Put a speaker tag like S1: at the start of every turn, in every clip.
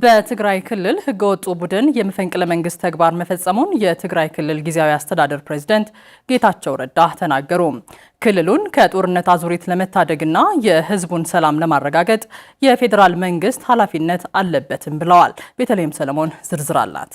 S1: በትግራይ ክልል ህገወጡ ቡድን የመፈንቅለ መንግስት ተግባር መፈጸሙን የትግራይ ክልል ጊዜያዊ አስተዳደር ፕሬዝደንት ጌታቸው ረዳ ተናገሩ። ክልሉን ከጦርነት አዙሪት ለመታደግና የህዝቡን ሰላም ለማረጋገጥ የፌዴራል መንግስት ኃላፊነት አለበትም ብለዋል። ቤተልሔም ሰለሞን ዝርዝር አላት።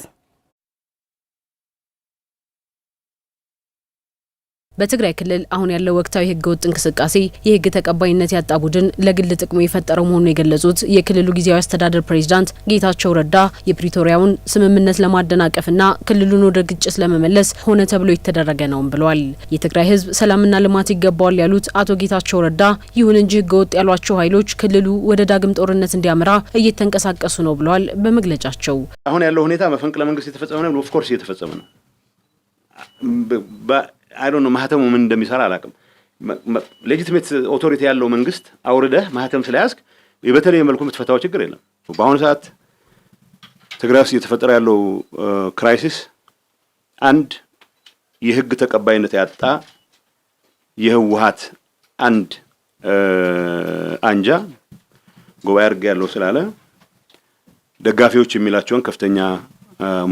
S1: በትግራይ ክልል አሁን ያለው ወቅታዊ ህገወጥ እንቅስቃሴ የህግ ተቀባይነት ያጣ ቡድን ለግል ጥቅሙ የፈጠረው መሆኑን የገለጹት የክልሉ ጊዜያዊ አስተዳደር ፕሬዚዳንት ጌታቸው ረዳ የፕሪቶሪያውን ስምምነት ለማደናቀፍና ክልሉን ወደ ግጭት ለመመለስ ሆነ ተብሎ የተደረገ ነውም ብለዋል። የትግራይ ህዝብ ሰላምና ልማት ይገባዋል ያሉት አቶ ጌታቸው ረዳ፣ ይሁን እንጂ ህገወጥ ያሏቸው ኃይሎች ክልሉ ወደ ዳግም ጦርነት እንዲያመራ እየተንቀሳቀሱ ነው ብለዋል። በመግለጫቸው
S2: አሁን ያለው ሁኔታ መፈንቅለ መንግስት የተፈጸመ ነው። ኦፍኮርስ እየተፈጸመ ነው አይ ማህተሙ ምን እንደሚሰራ አላውቅም። ሌጂትሜት ኦቶሪቲ ያለው መንግስት አውርደህ ማህተም ስለያዝክ በተለየ መልኩ የምትፈታው ችግር የለም። በአሁኑ ሰዓት ትግራይ ውስጥ እየተፈጠረ ያለው ክራይሲስ አንድ የህግ ተቀባይነት ያጣ የህወሀት አንድ አንጃ ጉባኤ አድርግ ያለው ስላለ ደጋፊዎች የሚላቸውን ከፍተኛ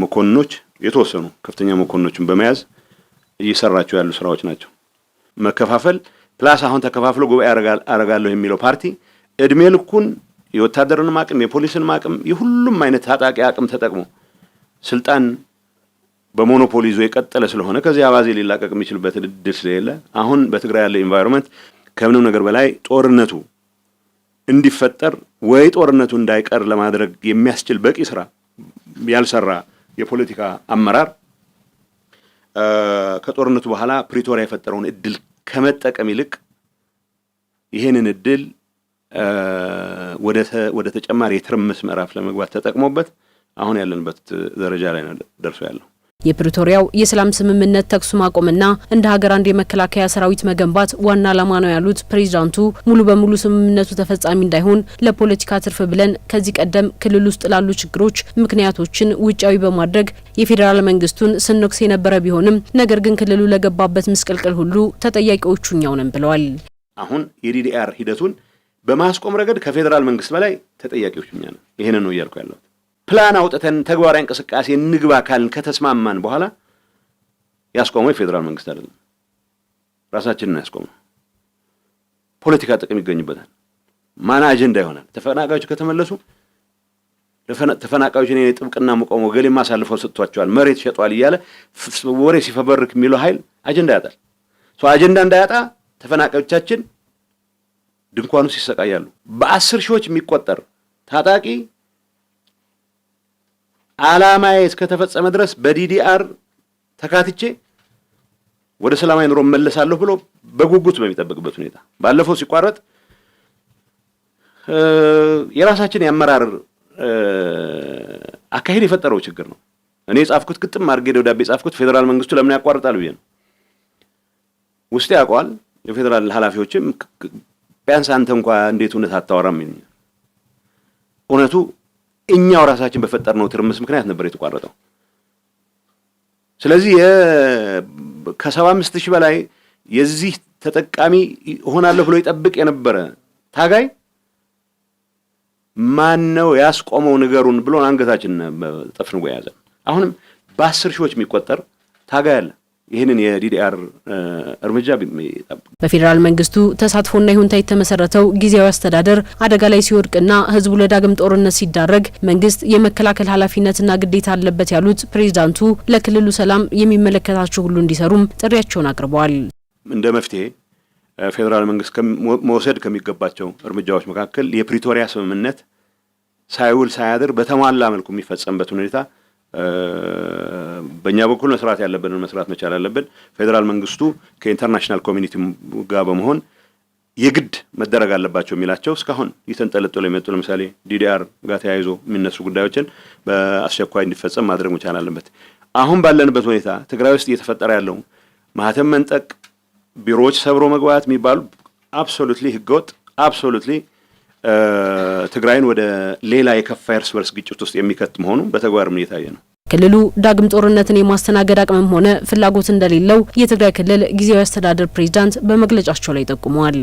S2: መኮንኖች የተወሰኑ ከፍተኛ መኮንኖችን በመያዝ እየሰራቸው ያሉ ስራዎች ናቸው። መከፋፈል ፕላስ አሁን ተከፋፍሎ ጉባኤ አረጋለሁ የሚለው ፓርቲ እድሜ ልኩን የወታደርንም አቅም የፖሊስንም አቅም የሁሉም አይነት ታጣቂ አቅም ተጠቅሞ ስልጣን በሞኖፖሊ ይዞ የቀጠለ ስለሆነ ከዚህ አባዜ ሊላቀቅ የሚችልበት እድል ስለሌለ አሁን በትግራይ ያለው ኢንቫይሮንመንት ከምንም ነገር በላይ ጦርነቱ እንዲፈጠር ወይ ጦርነቱ እንዳይቀር ለማድረግ የሚያስችል በቂ ስራ ያልሰራ የፖለቲካ አመራር ከጦርነቱ በኋላ ፕሪቶሪያ የፈጠረውን እድል ከመጠቀም ይልቅ ይህንን እድል ወደ ተጨማሪ የትርምስ ምዕራፍ ለመግባት ተጠቅሞበት አሁን ያለንበት ደረጃ ላይ ነው ደርሶ ያለው።
S1: የፕሪቶሪያው የሰላም ስምምነት ተኩስ ማቆምና እንደ ሀገር አንድ የመከላከያ ሰራዊት መገንባት ዋና ዓላማ ነው ያሉት ፕሬዚዳንቱ ሙሉ በሙሉ ስምምነቱ ተፈጻሚ እንዳይሆን ለፖለቲካ ትርፍ ብለን ከዚህ ቀደም ክልል ውስጥ ላሉ ችግሮች ምክንያቶችን ውጫዊ በማድረግ የፌዴራል መንግስቱን ስንወቅስ የነበረ ቢሆንም ነገር ግን ክልሉ ለገባበት ምስቅልቅል ሁሉ ተጠያቂዎቹ እኛው ነን ብለዋል።
S2: አሁን የዲዲአር ሂደቱን በማስቆም ረገድ ከፌዴራል መንግስት በላይ ተጠያቂዎች እኛ ነን። ይህንን ነው እያልኩ ያለሁት። ፕላን አውጥተን ተግባራዊ እንቅስቃሴ እንግባ ካልን ከተስማማን በኋላ ያስቆመው የፌዴራል መንግስት አይደለም፣ ራሳችንን ያስቆመው። ፖለቲካ ጥቅም ይገኝበታል። ማን አጀንዳ ይሆናል? ተፈናቃዮች ከተመለሱ ተፈናቃዮች እኔ ጥብቅና መቆም ወገሌ ማሳልፈው ሰጥቷቸዋል፣ መሬት ሸጧል እያለ ወሬ ሲፈበርክ የሚለው ኃይል አጀንዳ ያጣል። አጀንዳ እንዳያጣ ተፈናቃዮቻችን ድንኳኑ ሲሰቃያሉ ይሰቃያሉ። በአስር ሺዎች የሚቆጠር ታጣቂ ዓላማዬ እስከተፈጸመ ድረስ በዲዲአር ተካትቼ ወደ ሰላማዊ ኑሮ መለሳለሁ ብሎ በጉጉት በሚጠብቅበት ሁኔታ ባለፈው ሲቋረጥ የራሳችን የአመራር አካሄድ የፈጠረው ችግር ነው። እኔ የጻፍኩት ግጥም አድርጌ ደብዳቤ የጻፍኩት ፌዴራል መንግስቱ ለምን ያቋርጣል ብዬ ነው። ውስጤ ያውቀዋል። የፌዴራል ኃላፊዎችም ቢያንስ አንተ እንኳ እንዴት እውነት አታወራም? እውነቱ እኛው ራሳችን በፈጠርነው ትርምስ ምክንያት ነበር የተቋረጠው። ስለዚህ ከሰባ አምስት ሺህ በላይ የዚህ ተጠቃሚ እሆናለሁ ብሎ ይጠብቅ የነበረ ታጋይ ማን ነው ያስቆመው ንገሩን ብሎን አንገታችን ጠፍንጎ የያዘን። አሁንም በአስር ሺዎች የሚቆጠር ታጋይ አለ። ይህንን የዲዲአር እርምጃ
S1: በፌዴራል መንግስቱ ተሳትፎና ይሁንታ የተመሰረተው ጊዜያዊ አስተዳደር አደጋ ላይ ሲወድቅና ህዝቡ ለዳግም ጦርነት ሲዳረግ መንግስት የመከላከል ኃላፊነትና ግዴታ አለበት ያሉት ፕሬዚዳንቱ ለክልሉ ሰላም የሚመለከታቸው ሁሉ እንዲሰሩም ጥሪያቸውን አቅርበዋል።
S2: እንደ መፍትሄ ፌዴራል መንግስት መውሰድ ከሚገባቸው እርምጃዎች መካከል የፕሪቶሪያ ስምምነት ሳይውል ሳያድር በተሟላ መልኩ የሚፈጸምበት ሁኔታ በእኛ በኩል መስራት ያለብንን መስራት መቻል አለብን። ፌዴራል መንግስቱ ከኢንተርናሽናል ኮሚኒቲ ጋር በመሆን የግድ መደረግ አለባቸው የሚላቸው እስካሁን እየተንጠለጠሉ የመጡ ለምሳሌ ዲዲአር ጋር ተያይዞ የሚነሱ ጉዳዮችን በአስቸኳይ እንዲፈጸም ማድረግ መቻል አለበት። አሁን ባለንበት ሁኔታ ትግራይ ውስጥ እየተፈጠረ ያለው ማህተም መንጠቅ፣ ቢሮዎች ሰብሮ መግባት የሚባሉ አብሶሉትሊ ህገወጥ አብሶሉትሊ ትግራይን ወደ ሌላ የከፋ እርስ በርስ ግጭት ውስጥ የሚከት መሆኑ በተግባርም እየታየ ነው።
S1: ክልሉ ዳግም ጦርነትን የማስተናገድ አቅምም ሆነ ፍላጎት እንደሌለው የትግራይ ክልል ጊዜያዊ አስተዳደር ፕሬዚዳንት በመግለጫቸው ላይ ጠቁመዋል።